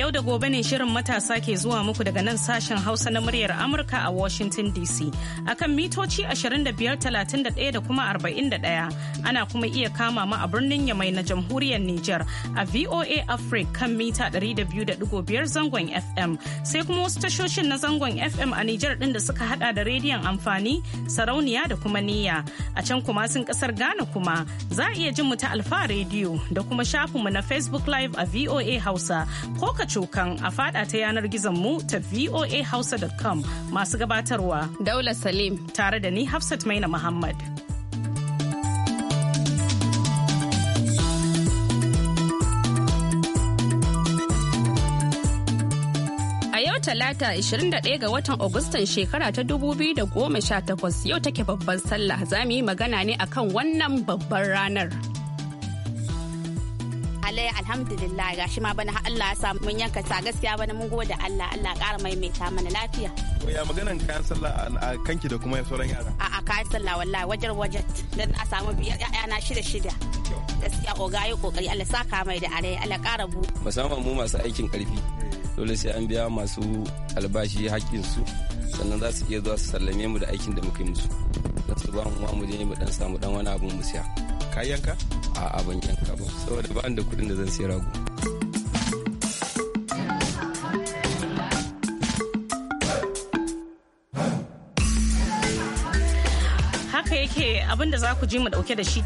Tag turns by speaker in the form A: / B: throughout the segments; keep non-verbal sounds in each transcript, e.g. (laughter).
A: Yau da gobe ne shirin matasa ke zuwa muku daga nan sashen Hausa na muryar Amurka a Washington DC akan mitoci 2531 da kuma 41. Ana kuma iya kama mu a birnin Yamai na Jamhuriyar Nijar a VOA Africa kan mita 200.5 zangon FM. Sai kuma wasu tashoshin na zangon FM a Nijar din da suka hada da rediyon amfani, sarauniya da kuma niyya. A can kuma sun kasar Ghana kuma za a iya jin mu ta Alfa Radio da kuma shafin mu na Facebook Live a VOA Hausa ko ka cokan a fada ta yanar gizon mu ta voahausa.com masu gabatarwa. Daula Salim. Tare da ni Hafsat Maina Muhammad.
B: talata 21 ga watan Agustan shekara ta 2018 yau take babban sallah za mu yi magana ne akan wannan babban ranar. alai alhamdulillah gashi ma bana Allah ya sa mun yanka sa gaskiya bana mun gode Allah Allah ƙara maimaita mana lafiya.
C: Ya maganan kayan sallah a kanki da kuma sauran yara.
B: A'a kayan sallah wallahi wajar wajar dan a samu biyar na shida shida. Gaskiya oga yi kokari Allah saka mai da alai Allah ƙara bu.
D: Musamman mu masu aikin karfi Dole sai an biya masu albashi su sannan za su iya zuwa su sallame mu da aikin da muka yi musu. da su ba mu ma mu je mu dan samu dan wani abu mu siya. ka yanka a'a ban yanka ba saboda ba da kuɗin da zan sayar rago
A: yake abin da za ku ji mu dauke da shi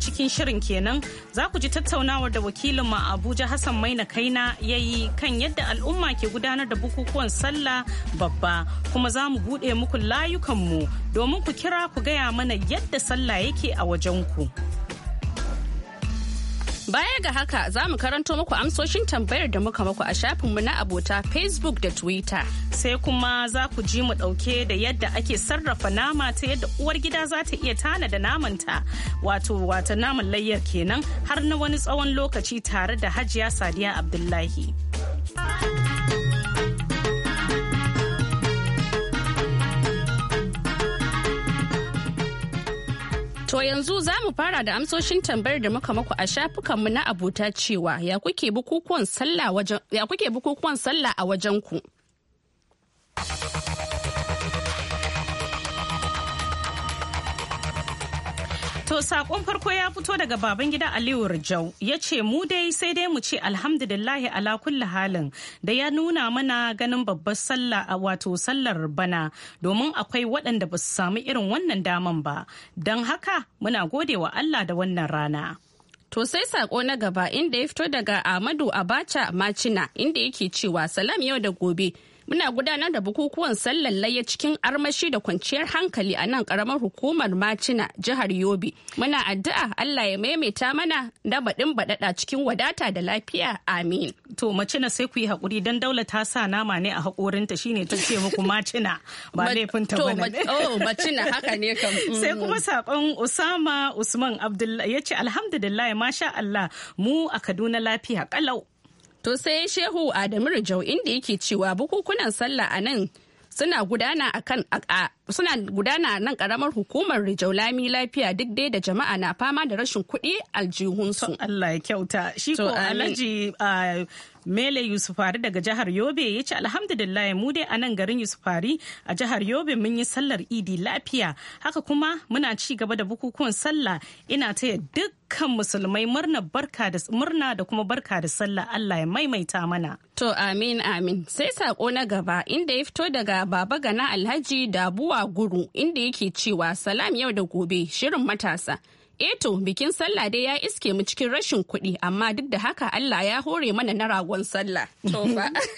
A: cikin shirin kenan za ku ji tattaunawar da wakilinmu a abuja hassan maina kaina ya yi kan yadda al'umma ke gudanar da bukukuwan sallah babba kuma za mu buɗe muku layukanmu domin ku kira ku gaya mana yadda sallah yake a wajen ku
B: Baya ga haka za mu karanto muku amsoshin tambayar da muka muku a shafinmu na abota Facebook da Twitter. Sai kuma za ku ji mu ɗauke da yadda ake
A: sarrafa nama ta yadda uwar gida za ta iya tana da namanta wato wata naman layyar kenan har na wani tsawon lokaci tare da Hajiya Sadiya Abdullahi.
B: To yanzu za mu fara da amsoshin tambayar da muka maku a shafukanmu na abota cewa ya kuke bukukuwan sallah a wajen ku. To
A: sakon farko ya fito daga baban gida Aliyu Rijau ya ce mu dai sai dai mu ce alhamdulillahi ala kulli halin da ya nuna mana ganin babbar sallah a wato sallar bana domin akwai waɗanda ba su samu irin wannan daman ba don haka muna gode wa Allah da wannan rana.
B: To sai sako na gaba inda ya fito daga Ahmadu Abacha Macina inda yake cewa salam yau da gobe Muna gudanar da bukukuwan sallar layya cikin armashi da kwanciyar hankali a nan karamar hukumar Macina jihar Yobe. Muna addu'a Allah ya maimaita mana da baɗin baɗaɗa cikin wadata da lafiya amin. To Macina sai ku yi
A: haƙuri don daula ta sa nama ne a haƙorinta shine ta ce muku Macina ba laifin ta bane. To oh, Macina haka ne kam. (laughs) Sai kuma mm. saƙon Usama Usman Abdullahi ya ce
B: alhamdulillah masha Allah mu a Kaduna lafiya kalau To sai Shehu Adamu Rijau inda yake cewa bukukunan sallah a nan suna gudana a nan karamar hukumar rijau lami lafiya duk dai da jama'a na fama da rashin kuɗi aljihunsu. Allah ya kyauta. Shi ko Alhaji
A: ah, Mele Yusufari daga jihar Yobe ya ce alhamdulillah mu dai a nan garin Yusufari a jihar Yobe mun yi sallar Idi lafiya haka kuma muna ci gaba da bukukuwan sallah ina taya dukkan musulmai murna barka da murna da kuma barka da sallah Allah ya maimaita mana.
B: To amin amin sai sako na gaba inda ya fito daga baba gana Alhaji Dabuwa Guru inda yake cewa salam yau da gobe shirin matasa Eto eh bikin sallah dai ya iske mu cikin rashin kuɗi amma duk da haka Allah ya hore mana na ragon sallah. To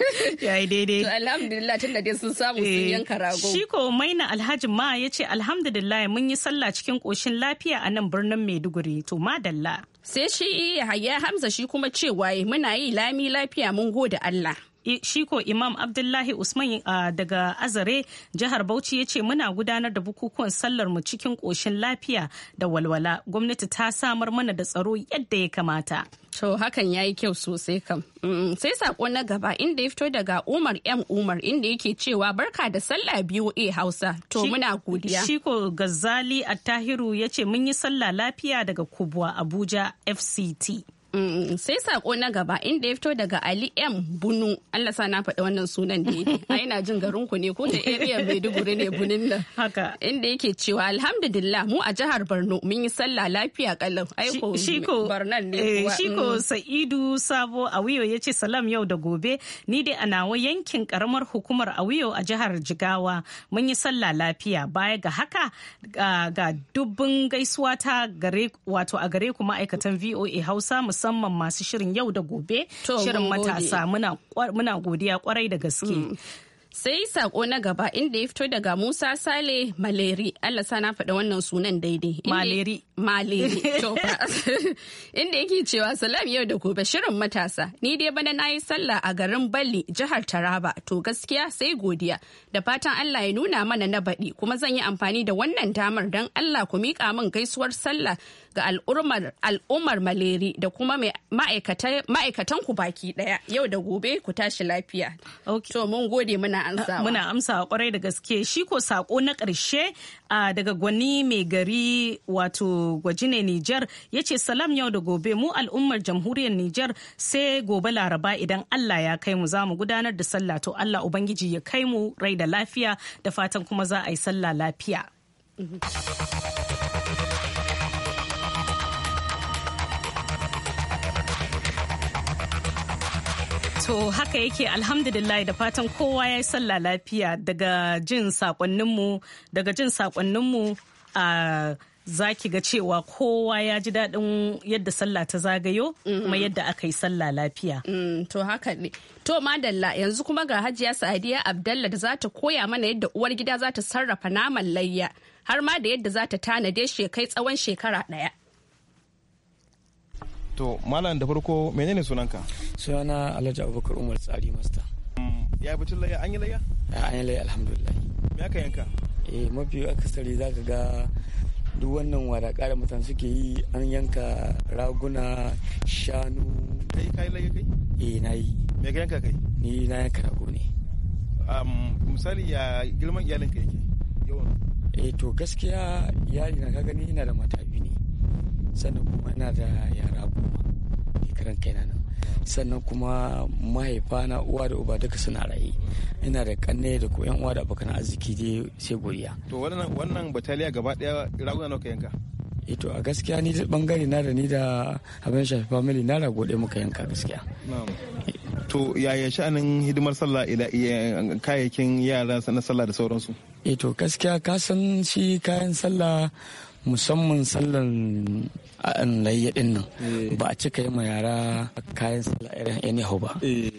B: (laughs) Ya yi daidai. To alhamdulillah tun da dai sun samu sun eh, yanka rago. Shi ko maina Alhaji
A: ma ya ce alhamdulillah mun yi sallah cikin koshin lafiya a nan birnin Maiduguri to madalla. Sai shi Yahaya Hamza shi kuma cewa muna yi lami lafiya mun gode Allah. shiko imam abdullahi usman daga azare jihar bauchi ya ce muna gudanar da bukukuwan sallar mu cikin koshin lafiya da walwala gwamnati ta samar mana da
B: tsaro yadda ya kamata to hakan ya yi kyau sosai kam mm, sai sako na gaba inda ya fito daga umar m umar inda yake cewa barka da sallah biyu a eh, hausa to muna godiya
A: shiko gazali attahiru ya ce mun yi sallah lafiya daga kubwa
B: abuja fct Mm, sai sako na gaba inda ya fito daga Ali M Bunu Allah sa na faɗi wannan sunan ne (laughs) ai na jin garin ku ne ko da area Maiduguri ne Bunin nan haka inda yake cewa alhamdulillah mu a jihar Borno mun yi sallah lafiya kallon ai ko Barnan ne eh, kuwa shi ko mm.
A: Sa'idu Sabo Awiyo yace salam yau da gobe ni dai a nawa yankin karamar hukumar Awiyo a jihar Jigawa mun yi sallah lafiya baya ga haka ga dubbin gaisuwa ta gare wato a gare ku ma'aikatan VOA Hausa musamman musamman masu shirin yau da gobe shirin matasa muna
B: godiya kwarai da gaske. Mm. sai sako na gaba inda ya fito daga musa sale maleri allah sa na faɗa wannan sunan daidai maleri In da (laughs) (laughs) Inda yake cewa salam yau da gobe shirin matasa. Ni dai bana na yi sallah a garin Balli jihar Taraba to gaskiya sai godiya. Da fatan Allah ya nuna mana na baɗi kuma zan yi amfani da wannan damar don Allah ku miƙa min gaisuwar sallah ga al'ummar maleri da kuma ma'aikatan ku baki ɗaya. yau da gobe ku tashi lafiya. To mun gode muna amsawa. Muna amsawa kwarai da gaske shi ko sako na
A: ƙarshe daga gwani mai gari wato gwaji ne Nijar ya ce salam yau da gobe mu al'ummar jamhuriyar Nijar sai gobe laraba idan Allah ya kai mu za mu gudanar da sallah to Allah Ubangiji ya kai mu rai da lafiya da fatan kuma za a yi sallah lafiya. To haka yake alhamdulillah da fatan kowa ya yi sallah lafiya daga jin sakonninmu daga a za ki ga cewa kowa ya ji daɗin yadda sallah ta zagayo kuma mm-hmm. yadda aka yi sallah lafiya.
B: Mm, to haka ne. To madalla yanzu kuma ga hajiya Sadiya Abdalla da za ta koya mana yadda uwar gida za ta sarrafa naman layya har ma da yadda za ta tanade shi kai tsawon shekara ɗaya.
C: To malam da farko menene sunanka? Sunana Alhaji Abubakar Umar Tsari Masta. Mm, ya butun layya an yi layya?
E: An yi layya alhamdulillah. Me aka yanka? eh mafi akasari za ka ga duk wannan wadaƙa da mutane suke yi an yanka raguna shanu kai kai laye kai eh n'ayi. me ka yanka kai ni na yanka rago ne misali ya girman iyalin kai yake yawan eh to gaskiya iyali na ka gani ina da mata biyu ne sannan kuma ina da yara goma ne karan na nan sannan kuma mahaifa na uwa da uba duka suna raye ina da kanne da ko yan uwa da abokan arziki dai sai godiya to
C: wannan wannan bataliya gaba daya raguna nawa ka yanka
E: ito eh a gaskiya ni da bangare na da ni da abin shafi family na rago ɗaya muka yanka gaskiya
C: to yaya sha'anin hidimar sallah kayayyakin yara na sallah da sauransu
E: ito eh gaskiya ka san shi kayan sallah musamman sallan an layya din nan eh. ba a cika yi ma yara kayan sallah irin anyhow ba eh.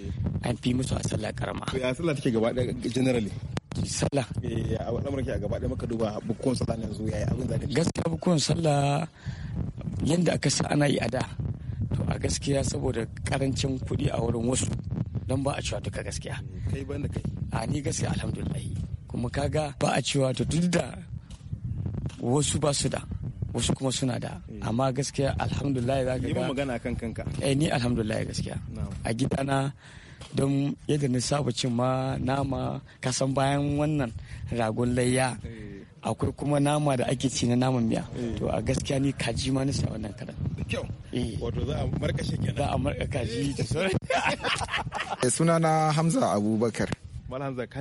E: an fi musu a sallah karama
C: ya sallah take gaba da generally sallah eh a al'amuran ke a gaba da maka
E: duba bukkon sallah ne yanzu yayi abin zaka gaskiya bukkon sallah yanda aka sa ana yi a da to a gaskiya saboda karancin kuɗi a wurin wasu don ba a cewa duka gaskiya eh, kai banda kai a ni gaskiya alhamdulillah kuma kaga ba a cewa to duk da wasu ba su da wasu kuma suna da eh. amma gaskiya alhamdulillah za ka ga magana kan kanka eh ni alhamdulillah gaskiya a gidana don yadda na saba cin ma nama kasan bayan wannan ragon layya eh. akwai kuma nama da ake ci na naman miya eh. to a gaskiya ni kaji ma nisa wannan karan
C: wato za a shi kenan za a marka
E: kaji da sauran sunana
C: hamza abubakar malam hamza ka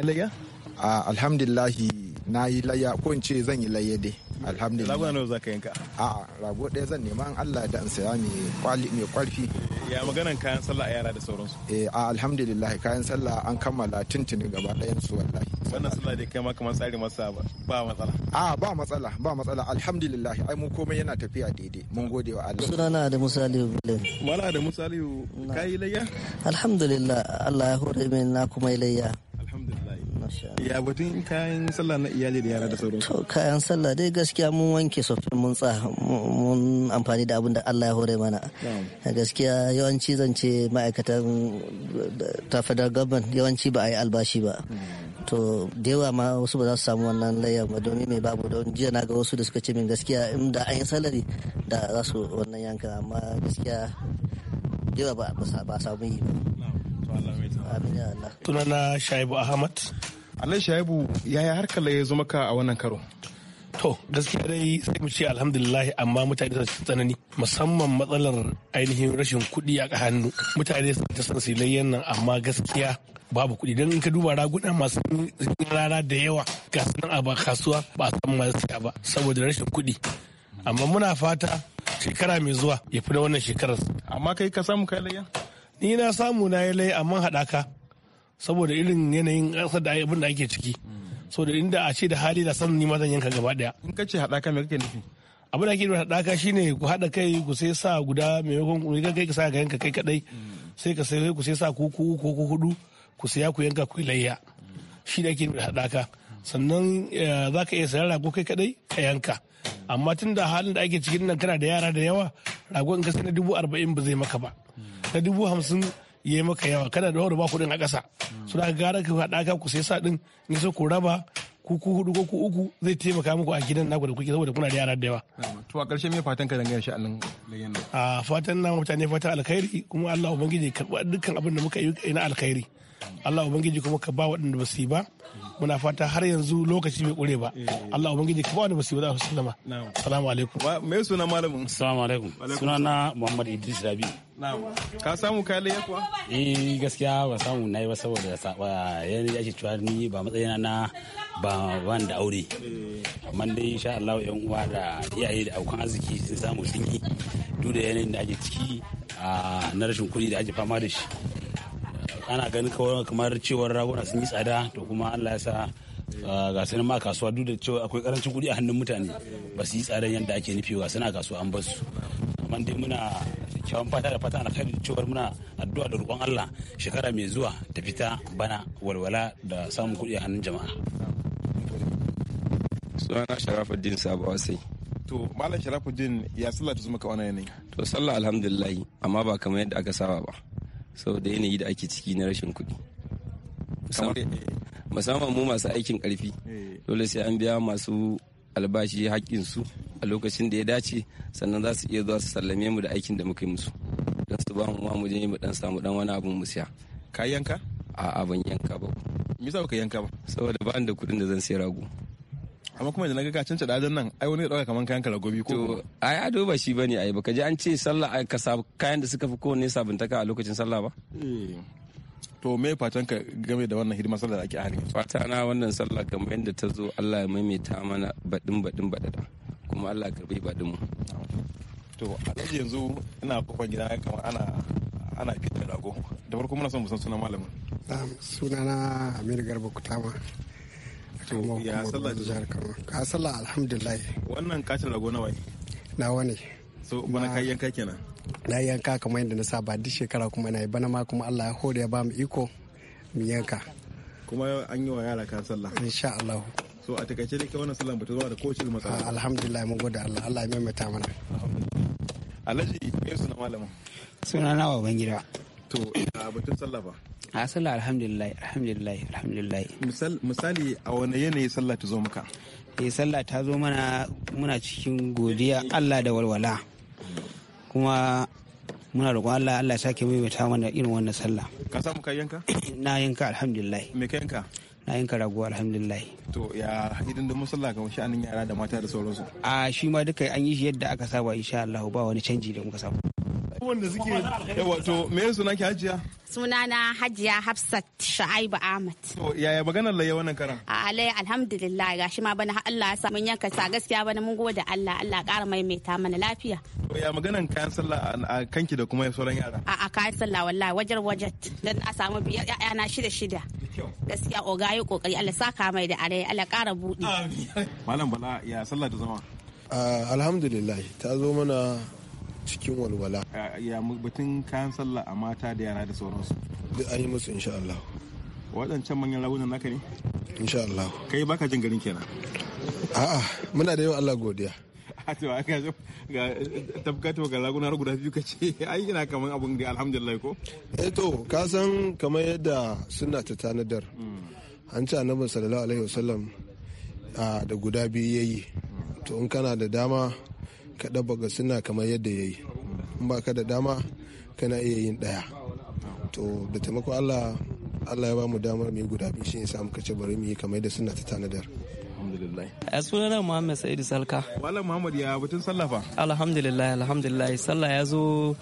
C: na yi layya ko in ce zan yi layya dai alhamdulillah rago nawa zaka yanka a rago ɗaya zan nema an Allah da an saya mai kwali mai kwalfi ya maganan kayan sallah a yara da sauransu eh a alhamdulillah kayan sallah an kammala tuntuni gaba ɗayan su wallahi wannan sallah dai kai ma kamar tsari masa ba ba matsala a ba matsala ba matsala alhamdulillah ai mu komai yana tafiya daidai mun gode wa Allah sunana da musalihu bulen mala da musalihu kai layya alhamdulillah Allah ya hore min na kuma layya Ya batun kayan sallah na iyali da yara da sauransu. To kayan sallah dai gaskiya mun wanke sofin mun tsa mun amfani da abin da Allah ya hore mana. Gaskiya yawanci zance ma'aikatan ta fadar gaban yawanci ba a yi albashi ba. Hmm. to dewa ma wasu ba za su samu wannan layar ba domin mai babu don jiya na ga wasu da suka ce min gaskiya in da an yi salari da za su wannan yanka amma gaskiya dewa ba a samu yi ba. Tunana Shaibu Ahmad. alai shaibu yaya harkar ya zo maka a wannan karo
F: to gaskiya dai sai mu ce alhamdulillah amma mutane sun tsanani musamman matsalar ainihin rashin kuɗi a hannu mutane sun ta san silayyan nan amma gaskiya babu kuɗi don in ka duba raguna masu rana da yawa ga sunan a ba kasuwa ba a san masu siya ba saboda rashin kuɗi amma muna fata shekara mai zuwa ya fi na wannan shekarar amma kai ka samu kai layya ni na samu na yi layya amma haɗaka saboda irin yanayin ƙasar da abin da ake ciki saboda inda a ce da hali da san nima zan yanka gaba daya in kace haɗaka me kake nufi abin da ake nufi haɗaka shine ku haɗa kai ku sai sa guda maimakon ku kai ka sa ka yanka kai kadai sai ka sai ku sai sa ku ku ko ku hudu ku siya ku yanka ku layya shi da ake nufi haɗaka sannan eh, za ka iya sayan rago kai kadai ka yanka amma tun da halin da ake cikin nan kana da yara da yawa rago in ka sai na dubu arba'in ba zai maka ba na dubu hamsin ya yi maka yawa kana da wani ba kuɗin a ƙasa su da gara ka haɗa ka ku sai sa ɗin in so ku raba ku ku hudu ko ku uku zai taimaka muku a gidan naku da kuke saboda kuna da yara da yawa.
C: to a ƙarshe me fatan ka dangane shi allon
F: a fatan na mutane fatan alkhairi kuma allah ubangiji karɓa dukkan abin da muka yi na alkhairi. Allah ubangiji kuma ka ba waɗanda ba su yi ba muna fata har yanzu lokaci bai ƙure ba eh. Allah ubangiji ka ba waɗanda ba su yi ba za su sallama salamu alaikum
C: me suna malamin salamu alaikum suna na
F: Muhammad Idris Rabi ka samu ka laye kuwa eh gaskiya ba samu nayi ba saboda saba yayin da ake cewa ni ba matsayina na ba ban da aure eh. amma dai insha Allah yan uwa da iyaye da aukan arziki sun samu sun yi duk da yanayin da ake ciki ah, na rashin kuɗi da ake fama da shi ana ganin kamar cewar raguna sun yi tsada to kuma allah ya sa ah, ga sanin ma kasuwa duk da cewa akwai karancin kuɗi a hannun mutane ba su yi tsadan yadda ake nufi ga sanin a kasuwa an basu amma dai muna kyawun fata da fata alkhairi cewar muna addu'a da roƙon Allah shekara mai zuwa ta fita
C: bana walwala da samun kuɗi a hannun jama'a.
D: Sunana Sharafuddin Sabo Asai.
C: To Malam Sharafuddin ya sallah ta zuma ka yanayi?
D: To sallah alhamdulillah amma ba kamar yadda aka saba ba. saboda yanayi da ake ciki na rashin kuɗi eh, eh. musamman mu masu aikin ƙarfi eh. dole sai an biya masu albashi haƙƙinsu a lokacin da ya dace sannan za su iya zuwa su sallame mu da aikin da muka yi musu don su ba mu ma mu je mu dan samu dan wani abun mu siya ka yanka a ban yanka ba
C: me yasa ka yanka ba
D: saboda ba da kuɗin da zan sai rago
C: amma kuma idan ka cancanta dadan nan ai wani ya dauka kaman kayan kalagobi ko to
D: ai a ba shi bane ai baka ji an ce sallah ai ka kayan da suka fi kowanne sabuntaka a lokacin sallah ba eh. to me fatan
C: ka game da wannan hidimar sallah da ake hali
D: fata na wannan sallah kamar yadda ta zo Allah ya maimaita mana badin badin badada kuma Allah ya karbi badin mu
C: to alhaji yanzu ina kofar gida kamar ana ana fitar da rago da farko muna son musan sunan malamin sunana Amir Garba Kutama karamar sallah alhamdulillah wannan katin rago nawa ne nawa ne so bana ka yanka kenan na yanka kamar yadda na saba duk shekara kuma na yi bana ma kuma allah ya hore ya ba mu iko mu yanka kuma an yi wa yara ka sallah insha allah so a takaice da ke wannan sallan ba ta zama da kowace matsala ah, alhamdulillah mun gode allah allah ya maimaita mana alhaji me suna malama suna nawa baban gida to batun sallah ba a ah, sallah alhamdulillah alhamdulillah alhamdulillah misali a wani yanayi sallah ta zo maka eh sallah ta zo mana muna cikin godiya Allah da walwala kuma muna roƙon Allah Allah ya sake maimaita mana irin wannan sallah ka samu kai yanka (clears throat) na yanka alhamdulillah me ka yanka na yanka rago alhamdulillah to ya idan da musalla ga annin yara da mata da sauransu a ah, shi ma duka an yi shi yadda aka saba insha Allah ba wani canji da muka samu
B: da suke wato
C: me suna ki hajiya
B: sunana hajiya hafsat sha'aibu ahmad
C: yaya maganar laye wannan karan a
B: alai alhamdulillah gashi ma bana Allah ya sa mun yanka sa gaskiya bana mun gode Allah Allah ƙara maimaita mana lafiya
C: ya maganar kayan sallah a kanki da kuma sauran yara
B: a a kayan sallah wallahi wajar wajet dan a samu biyar yana shida shida gaskiya oga yi kokari Allah saka mai da alai Allah ƙara buɗe
C: malam bala ya sallah da zama alhamdulillah ta zo mana cikin walwala eh, ya batun kayan sallah a mata da yara da sauransu duk an yi musu insha Allah waɗancan manyan ragunan naka ne insha Allah kai baka jin garin kenan a'a muna da yawan Allah godiya (laughs) a to aka ga tabkato ga raguna guda biyu ka ce (laughs) ai ina kamar abun da alhamdulillah ko eh to ka san kamar yadda suna ta tanadar hmm. an ci annabin sallallahu alaihi wasallam ah, da guda biyu yayi to in kana da dama ka ɗaba ga suna kamar yadda ya yi in ba ka da dama kana iya yin ɗaya to da taimako allah allah ya ba mu damar mu yi guda biyu shi ne muka ce bari mu yi kamar yadda suna ta tanadar alhamdulillah a sunana muhammad sa'idu salka wala muhammad ya batun sallafa alhamdulillah alhamdulillah sallah ya zo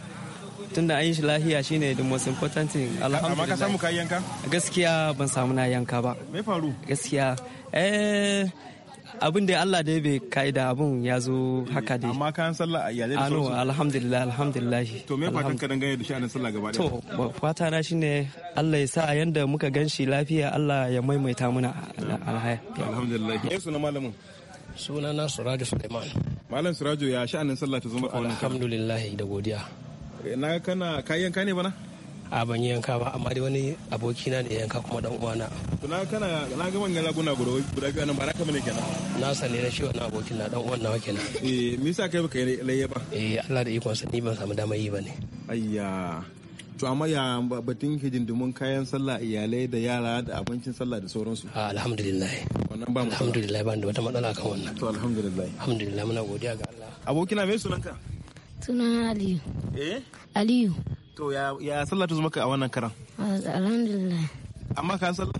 C: tun da shi lahiya shine the most important thing alhamdulillah amma ka samu ka gaskiya ban samu na yanka ba me faru gaskiya eh abin da Allah da bai ka'ida abin ya zo haka dai amma kayan sallah a iyalai da sauransu alhamdulillah alhamdulillah to me fatan ka dangane da sha'anin sallah gaba to fata na shine Allah ya sa a yanda muka ganshi lafiya Allah ya maimaita muna alhaya alhamdulillah ya suna malamin suna na Suraju Suleiman malam Suraju ya sha'anin sallah ta zama kawai alhamdulillah da godiya eh, na kana kayan ka ne bana a ban yanka ba amma dai wani abokina da yanka kuma dan uwana na kana na ga manyan laguna guda biyu nan ba naka bane kenan na sani na shi wannan abokin na dan uwan nawa kenan eh me yasa kai baka yi layya ba eh Allah da ikon sa ni ban samu damar yi ne ayya to amma ya batun hidindimun kayan sallah iyalai da yara da abincin sallah da sauransu alhamdulillah wannan ba mu alhamdulillah ba da wata matsala kan wannan to alhamdulillah alhamdulillah muna godiya ga Allah abokina me sunanka
B: tunan Aliyu
C: eh Aliyu To ya ya sallah ta zo maka a wannan karan?
A: Alhamdulillah.
C: Amma ka sallah?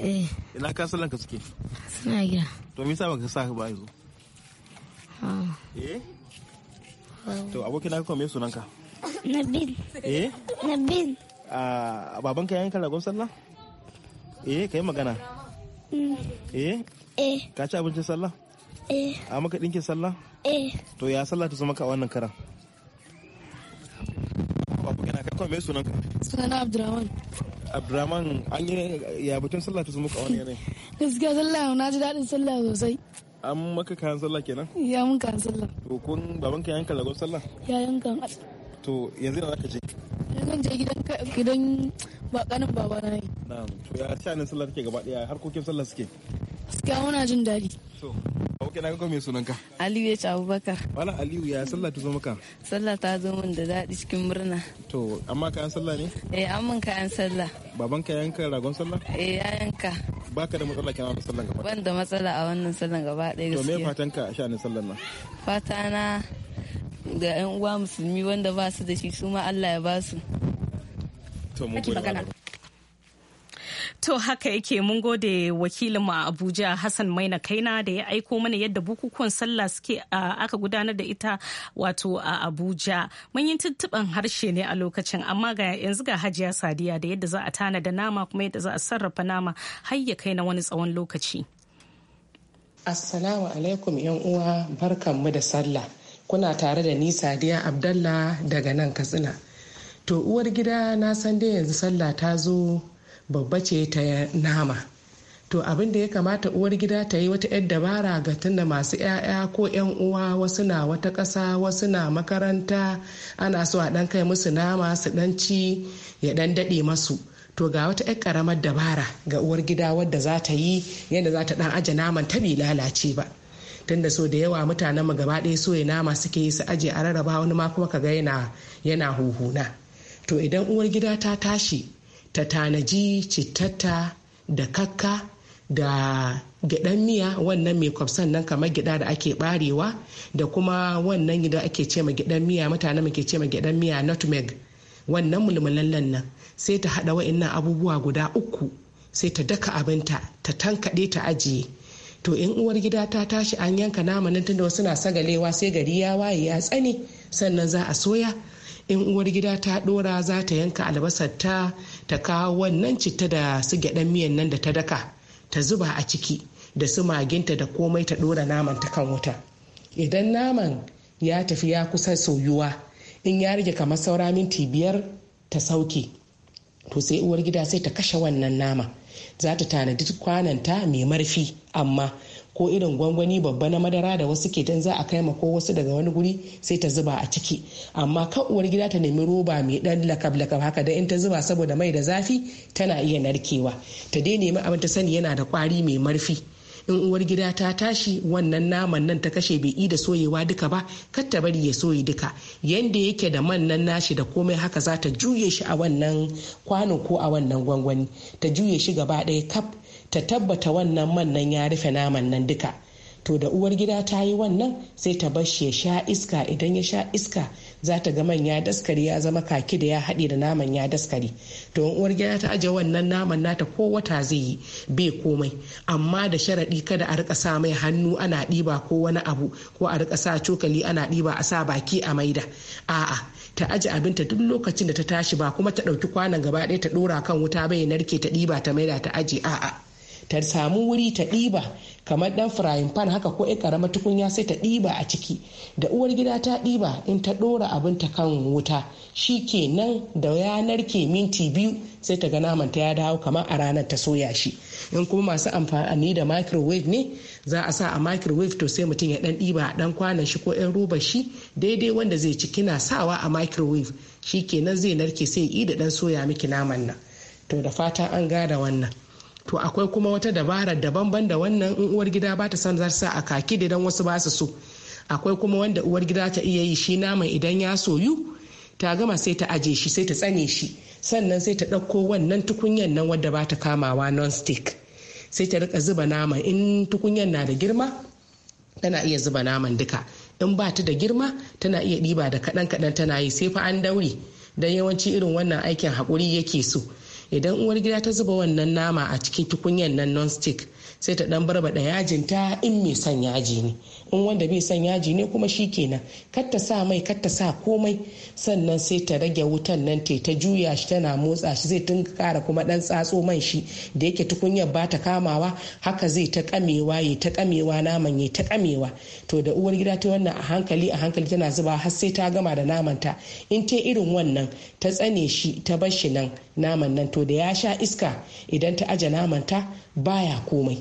C: Eh. Ina ka sallan ka suke? Suna gida. To me yasa baka sa ba yanzu? Ah. Eh? Ah. To abokin naka kuma me sunanka?
B: Nabil. Eh? Nabil.
C: Ah babanka yayin ka ragon sallah? Eh kai magana. Mm. Eh? Eh. Ka ci abincin sallah? Eh. A maka dinkin sallah? Eh. To ya sallah ta zo maka a wannan karan? kana kai kuma me sunan ka
B: sunan abdurrahman
C: abdurrahman an yi ya batun sallah ta muka wani yanayi
B: gaskiya sallah na ji daɗin sallah sosai
C: an maka kayan sallah kenan
B: ya mun kayan sallah
C: to kun baban ka yanka lagos sallah ya yanka to yanzu na zaka je
B: yanzu je gidan gidan bakanin baba na yi
C: na'am to ya sha ne sallah take gaba daya harkokin sallah suke
B: gaskiya muna jin daɗi
C: ke ko mai sunanka
B: Aliyu ya Abubakar
C: wala Aliyu ya sallah ta zo maka
B: sallah ta zo min da daɗi cikin murna
C: to amma kayan sallah ne
B: eh an kayan sallah
C: baban ka yanka ragon sallah eh ya yanka baka da matsala kenan da sallan gaba ban
B: da matsala a wannan sallan gaba ɗaya gaskiya to me
C: fatan ka a sha'anin sallan nan
B: fata na ga 'yan uwa musulmi wanda ba su da shi su ma Allah ya ba su. To mu gode
A: To haka yake mun gode wakilinmu a Abuja Hassan Maina Kaina da ya aiko mana yadda bukukuwan sallah suke aka gudanar da ita wato a Abuja. Mun yi tuttuban harshe ne a lokacin amma ga yanzu ga Hajiya Sadiya da yadda za a tana da nama kuma yadda za a sarrafa nama har ya kai na wani tsawon lokaci.
G: Assalamu alaikum yan uwa barkanmu da sallah. Kuna tare da ni Sadiya Abdallah daga nan Katsina. To uwar gida na san dai yanzu sallah ta zo babba ce ta nama to abin da ya kamata uwar gida ta yi wata 'yar dabara ga tunda masu 'ya'ya ko 'yan uwa wasu na wata ƙasa wasu na makaranta ana so a ɗan kai musu nama su ɗan ci ya ɗan daɗe masu to ga wata 'yar karamar dabara ga uwar gida wadda za ta yi yadda za ta ɗan aje naman ta bai lalace ba tunda so da yawa mutanen mu gaba ɗaya so nama suke yi su aje a rarraba wani ma kuma ka yana yana huhuna to idan uwar gida ta tashi ta tanaji cittata da kakka da gyaɗan miya wannan mai kwafsan nan kamar gyaɗa da ake barewa da kuma wannan da ake ce ma gyaɗan miya mutane ke ce ma gyaɗan miya nutmeg wannan mulmulallan nan sai ta haɗa wa'annan abubuwa guda uku sai ta daka abinta ta tankaɗe ta ajiye to in uwar gida ta tashi an yanka nama nan tunda wasu sagalewa sai gari ya waye ya tsani sannan za a soya in uwar gida ta ɗora za ta yanka albasarta ta ta kawo wannan citta da su gyaɗan miyan nan da ta daka ta zuba a ciki da su maginta da komai ta ɗora naman ta kan wuta idan naman ya tafi ya kusa soyuwa in ya rage kamar saura minti biyar ta sauke to sai uwar gida sai ta kashe wannan nama za ta tanadi kwananta mai marfi amma ko irin gwangwani babba na madara da wasu ke za a kai ma ko wasu daga wani guri sai ta zuba a ciki amma kan uwar gida ta nemi roba mai dan lakab lakab haka da in ta zuba saboda mai da zafi tana iya narkewa ta dai nemi abin ta sani yana da kwari mai marfi in uwar gida ta tashi wannan naman nan ta kashe bai da soyewa duka ba kar ta bari ya soye duka yanda yake da man nan nashi da komai haka za ta juye shi a wannan kwano ko a wannan gwangwani ta juye shi gaba ɗaya kaf ta tabbata wannan man nan ya rufe naman nan duka to da uwar gida ta yi wannan sai ta bar shi ya sha iska idan ya sha iska za ta ga man ya daskari ya zama kaki da ya haɗe da naman ya daskari to uwar gida ta aje wannan naman nata ko wata zai yi bai komai amma da sharaɗi kada a rika sa mai hannu ana ɗiba ko wani abu ko a rika sa cokali ana ɗiba a sa baki a maida a'a ta abin abinta duk lokacin da ta tashi ba kuma ta ɗauki kwanan gaba ɗaya ta ɗora kan wuta bai narke ta ɗiba ta maida ta aje a'a ta samu wuri ta ɗiba kamar ɗan frying pan haka ko ƴan ƙaramar tukunya sai ta ɗiba a ciki da uwar gida ta ɗiba in ta ɗora abin ta kan wuta shi ke nan da yanar ke minti biyu sai ta ga naman ta ya dawo kamar a ranar ta soya shi in kuma masu amfani da microwave ne za a sa a microwave to sai mutum ya ɗan ɗiba a ɗan kwanan shi ko ɗan ruba shi daidai wanda zai ci kina sawa a microwave shi ke nan zai narke sai ya ɗan soya miki naman nan to da fata an gada wannan to akwai kuma wata dabara daban ban da wannan in uwar gida ba ta son zarsa a kaki da dan wasu ba su so akwai kuma wanda uwar gida ta iya yi shi naman idan ya soyu ta gama sai ta aje shi sai ta tsane shi sannan sai ta ɗauko wannan tukunyan nan wadda ba ta kamawa non-stick sai ta rika zuba naman in tukunyan na da girma tana iya zuba naman duka in ba ta da girma tana iya ɗiba da kaɗan kaɗan tana yi sai fa an daure don yawanci irin wannan aikin haƙuri yake so idan uwar gida ta zuba wannan nama a cikin tukunyar nan non stick sai ta dan barba yajin ta in mai son yaji ne in wanda bai son yaji ne kuma shi kenan kar ta sa mai kar ta sa komai sannan sai ta rage wutan nan te ta juya shi tana motsa shi zai tun kara kuma dan tsatso man shi da yake tukunyar ba ta kamawa haka zai ta kamewa ya ta kamewa naman ya ta kamewa to da uwar gida ta wannan a hankali a hankali tana zuba har sai ta gama da naman ta in ta irin wannan ta tsane shi ta bar shi nan naman nan to da ya sha iska idan ta aje naman ta baya komai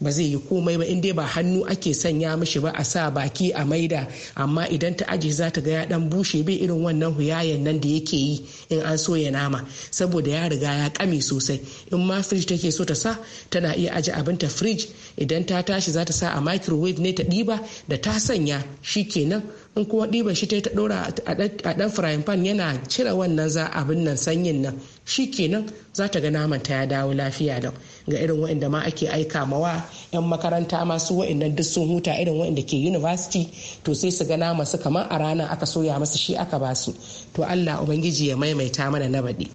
G: ba zai yi komai ba in dai ba hannu ake sanya mishi ba a sa baki a maida amma idan ta aji za ta ga ya dan bushe bai irin wannan huyayen nan da yake yi in an so ya nama saboda ya riga ya kame sosai in ma fridge take so ta sa tana iya aji abin ta fridge idan ta tashi za ta sa a microwave ne ta ɗiba da ta sanya shi kenan in kuma ɗiban shi ta ta ɗora a ɗan frying pan yana cire wannan za abin nan sanyin nan shi kenan za ta ga naman ta ya dawo lafiya nan ga irin waɗanda ma ake aika mawa 'yan makaranta masu waannan duk sun huta irin waɗanda ke university to sai su ga nama su kamar a ranar aka soya masu shi aka basu to Allah ubangiji ya maimaita mana na baɗi.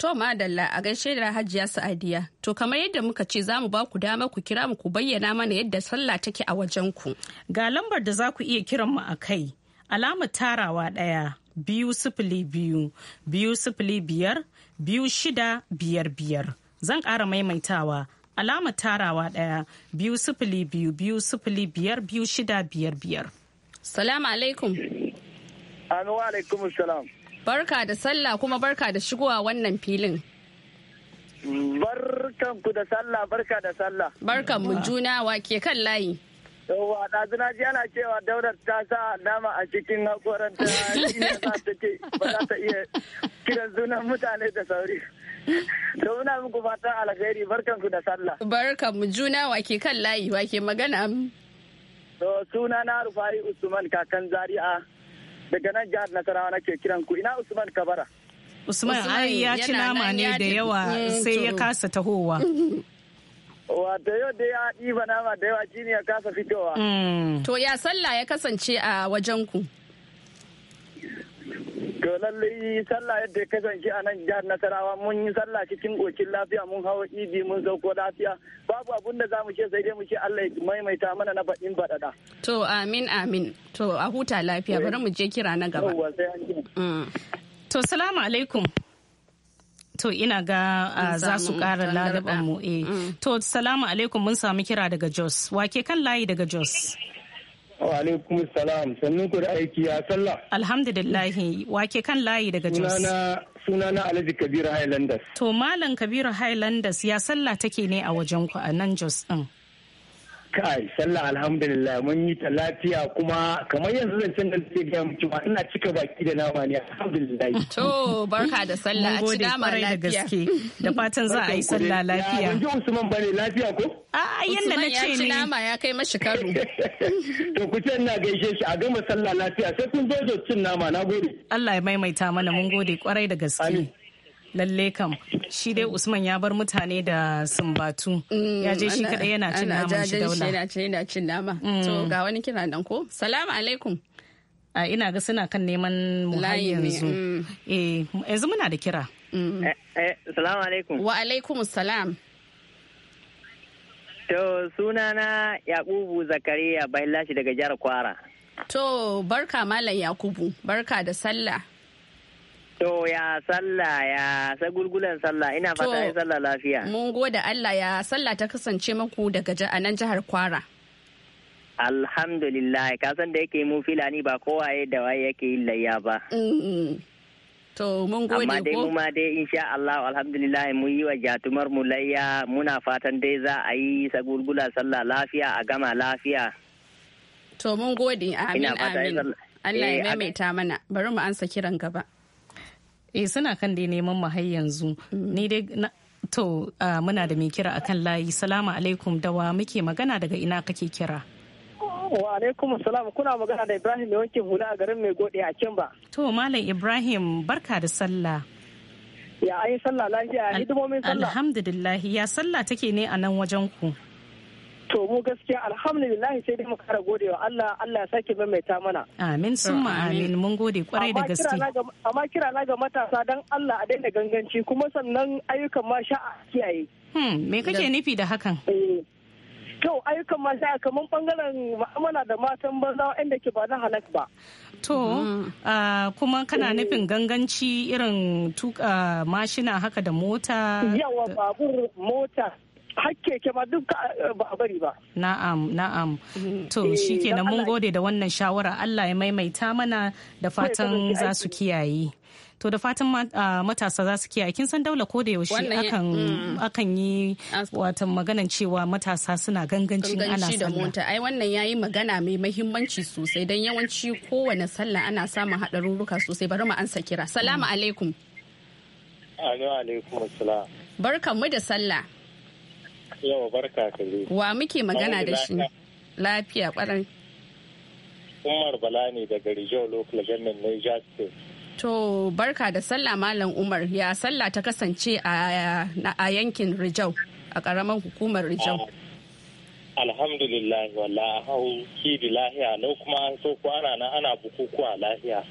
B: To Madalla a gaishe da Hajiya Sa'adiya. To kamar yadda muka ce za mu ba ku dama ku kira mu ku bayyana mana yadda sallah take a wajen ku. Ga lambar da za ku iya kiran mu a kai. Alamar tarawa ɗaya
A: biyu sifili biyu biyu sifili biyar biyu shida biyar biyar. Zan ƙara maimaitawa alamar tarawa ɗaya biyu sifili biyu biyu sifili biyar biyu shida biyar
B: biyar. Salamu alaikum.
E: Anuwa alaikum salam.
B: Barka da sallah kuma barka da shigowa wannan filin. Barkan ku da sallah barka da sallah. Barkan mu juna wa ke kan layi. Yawwa ɗazuna ji ana cewa daular ta sa nama a cikin hakoran shi ne za
E: ta ke ba za ta iya kiran sunan mutane da sauri. Da muna muku
B: fatan alkhairi barkan ku da sallah. Barkan mu juna wa ke kan layi wa ke magana.
E: To suna na Rufai Usman kakan Zaria. daga nan jihar Nasarawa nake kiran ku ina Usman Kabara. Usman ai ya ci nama ne da yawa mm, sai ya
A: kasa
B: tahowa. (laughs)
E: Wata yau da ya ɗiba nama da yawa shine ya kasa fitowa. Mm.
B: To ya sallah ya kasance a wajen ku?
E: To lallai sallah yadda ya kasance a nan jihar Nasarawa mun yi sallah cikin ƙokin lafiya mun hawa idi mun sauko lafiya babu abun da zamu ce sai dai mu ce Allah ya maimaita mana na baɗin
B: baɗaɗa. To amin amin to a huta lafiya bari mu je kira na gaba. Mm. To salamu
A: alaikum. To ina ga ah, za su ƙara larabar mu eh. Mm. To salamu alaikum mun samu kira daga Jos. Wa ke kan layi daga Jos.
D: Wa alaikum salam sannu ku da aiki ya sallah.
A: alhamdulillah wake kan layi daga Jos.
D: Sunana Alhaji Kabiru Highlanders.
A: To Malam Kabiru Highlanders ya sallah take ne a wajen ku a nan Jos ɗin.
E: kai sallah alhamdulillah mun yi ta lafiya kuma kamar yanzu zan canza da nake ga mutum ina cika baki da nama ne alhamdulillah (laughs) to barka da sallah a
B: ci da lafiya da fatan za a yi sallah lafiya yanzu
E: Usman bane lafiya ko
B: a yanda na ce ne nama ya kai mashi karo
D: (laughs) to ku ce ina gaishe shi a gama sallah lafiya sai kun zo cin nama na gode
A: Allah ya maimaita mana mun gode kwarai da gaske lalle kam shi dai usman ya bar mutane da sumbatu mm, ya je shi kadai yana cin nama shi daula
B: yana cin nama to mm. ga wani kira nan ko salamu alaikum a ina ga suna kan neman mu yanzu mm. eh yanzu muna da kira eh, eh, salamu alaikum wa alaikum salam to sunana yakubu
C: zakariya lashi daga jihar kwara
B: to barka malam yakubu barka da sallah
C: To ya sallah ya sagulgulan sallah ina fata ya sallah
B: lafiya. Mun gode Allah ya sallah ta kasance muku daga a nan jihar Kwara.
C: Alhamdulillah ka san da yake mu filani ba kowaye da waye yake yin layya ba. Mm-hmm. To mun gode Amma dai mu ma dai insha Allah alhamdulillah mun yi wa jatumar mu layya muna fatan dai za a yi sagulgula sallah lafiya a gama lafiya.
B: To mun gode amin amin. Allah ya eh, maimaita mana bari mu ansa kiran gaba. eh suna kan dai neman mu yanzu mm. ni dai to
A: ah, muna da mai kira akan layi salamu alaikum dawa muke magana daga ina kake kira
E: wa alaikum salam kuna magana da ibrahim mai wanke hula a garin mai gode a kimba
A: to malam ibrahim barka da sallah
E: ya ayi sallah lafiya hidimomin sallah
A: alhamdulillah ya sallah take ne a nan wajen ku
E: To mu gaskiya alhamdulillah sai dai mu kara godewa Allah Allah ya sake maimaita mana.
A: Amin summa amin mun gode kwarai da gaske.
E: Amma kira na ga matasa dan Allah a daina ganganci kuma sannan ayyukan ma sha a kiyaye.
A: Hmm me kake nufi da hakan? Eh,
E: to ayyukan ma sha kaman bangaren
A: mu'amala da matan banza inda ke ba na halak ba. To mm-hmm. ah, kuma kana eh. nufin ganganci irin tuka mashina haka da mota.
E: Yawa babur mota ke ma duk eh, ba a bari ba.
A: Na'am, na'am.
E: Mm. To, eh, shi ke mun
A: gode da wannan shawara Allah ya maimaita mana da fatan za su kiyaye. to da fatan ah, matasa za su kiyaye kin san daula ko da yaushe mm. akan yi watan maganan cewa matasa suna gangancin ana sallah da mota
B: ai wannan yayi magana mai mahimmanci sosai don yawanci kowane sallah ana samun hadarurruka sosai bari mu ansa kira salamu mm. alaikum
C: alaikum assalam
B: barkanmu da sallah
C: barka ka je. Wa muke magana da shi?
B: Lafiya ƙwarai.
C: Umar Bala ne daga Rijiyar Local Government Niger State.
B: To barka da sallah Malam Umar ya sallah ta kasance a yankin Rijau a ƙaramin hukumar Rijau.
E: Ah, alhamdulillah wala
C: hau ki da lahiya lau kuma an so kwana na ana bukukuwa lahiya.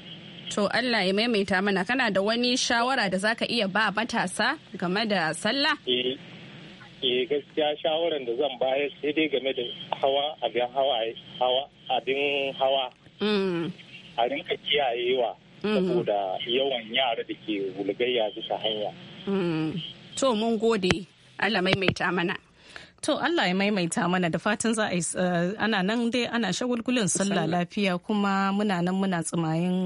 B: To Allah ya maimaita mana kana da wani shawara da zaka iya ba matasa game da sallah?
C: Eh, eh gaskiya shawaran da zan bayar sai dai game da hawa abin hawa abin hawa mm. a rinka kiyayewa
B: mm. saboda
E: yawan yara da ke wulgayya bisa hanya
B: mm. to mun gode
A: Allah maimaita mana To Allah ya maimaita mana da fatan za a yi eh, ana nan dai ana shagulgulin sallah lafiya kuma muna nan muna tsimayin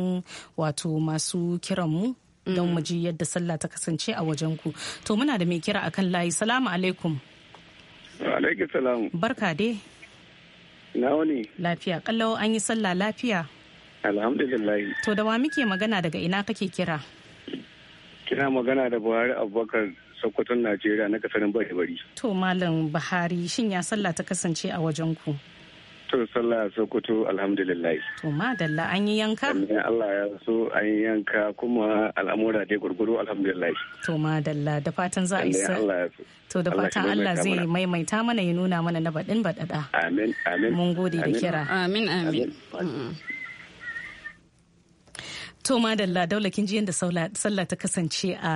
A: wato masu kiranmu don mu mm. yadda sallah ta kasance a wajen ku to muna da mai kira akan layi salamu alaikum
E: alaikum salam
A: barka dai na wani lafiya kallo an yi sallah lafiya
E: alhamdulillah
A: to da wa muke magana daga ina kake kira
E: kina magana da buhari abubakar sokoton najeriya na kasarin bari bari
A: to malam buhari shin ya sallah ta kasance a wajen ku
E: to sallah sokoto alhamdulillah
A: to madalla an yi yanka
E: Allah ya so an yi yanka kuma al'amura dai gurguru alhamdulillah
A: to madalla da fatan za a isa
E: to da fatan Allah zai
A: maimaita mana ya nuna mana na baɗin baɗaɗa
E: amin amin
A: mun gode da kira amin amin To madalla daula kin ji yadda sallah ta kasance a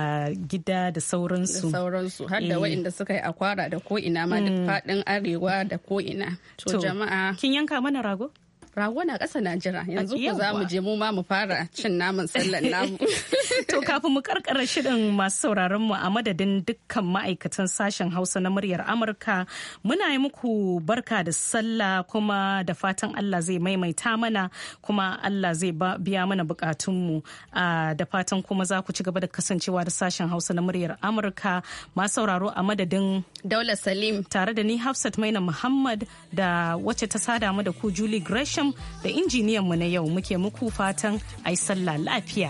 A: gida da sauransu. Da sauransu har da eh. waɗanda
B: suka yi akwara da ko ina ma duk mm. faɗin arewa da ko ina. To jama'a. Kin yanka mana rago? rago na ƙasa na jira yanzu ku za mu je mu ma mu fara cin naman sallan namu.
A: (laughs) to kafin mu karkara shirin masu sauraron mu a madadin dukkan ma'aikatan sashen Hausa na muryar Amurka muna yi muku barka da sallah kuma da fatan Allah zai maimaita mana kuma Allah zai biya mana bukatunmu da fatan kuma za ku ci gaba da kasancewa da sashen Hausa na muryar Amurka masu sauraro a madadin Daula Salim tare da ni Hafsat Maina Muhammad da wacce ta sada mu da ku Julie Gresham da injiniyanmu na yau muke muku fatan ai sallah lafiya.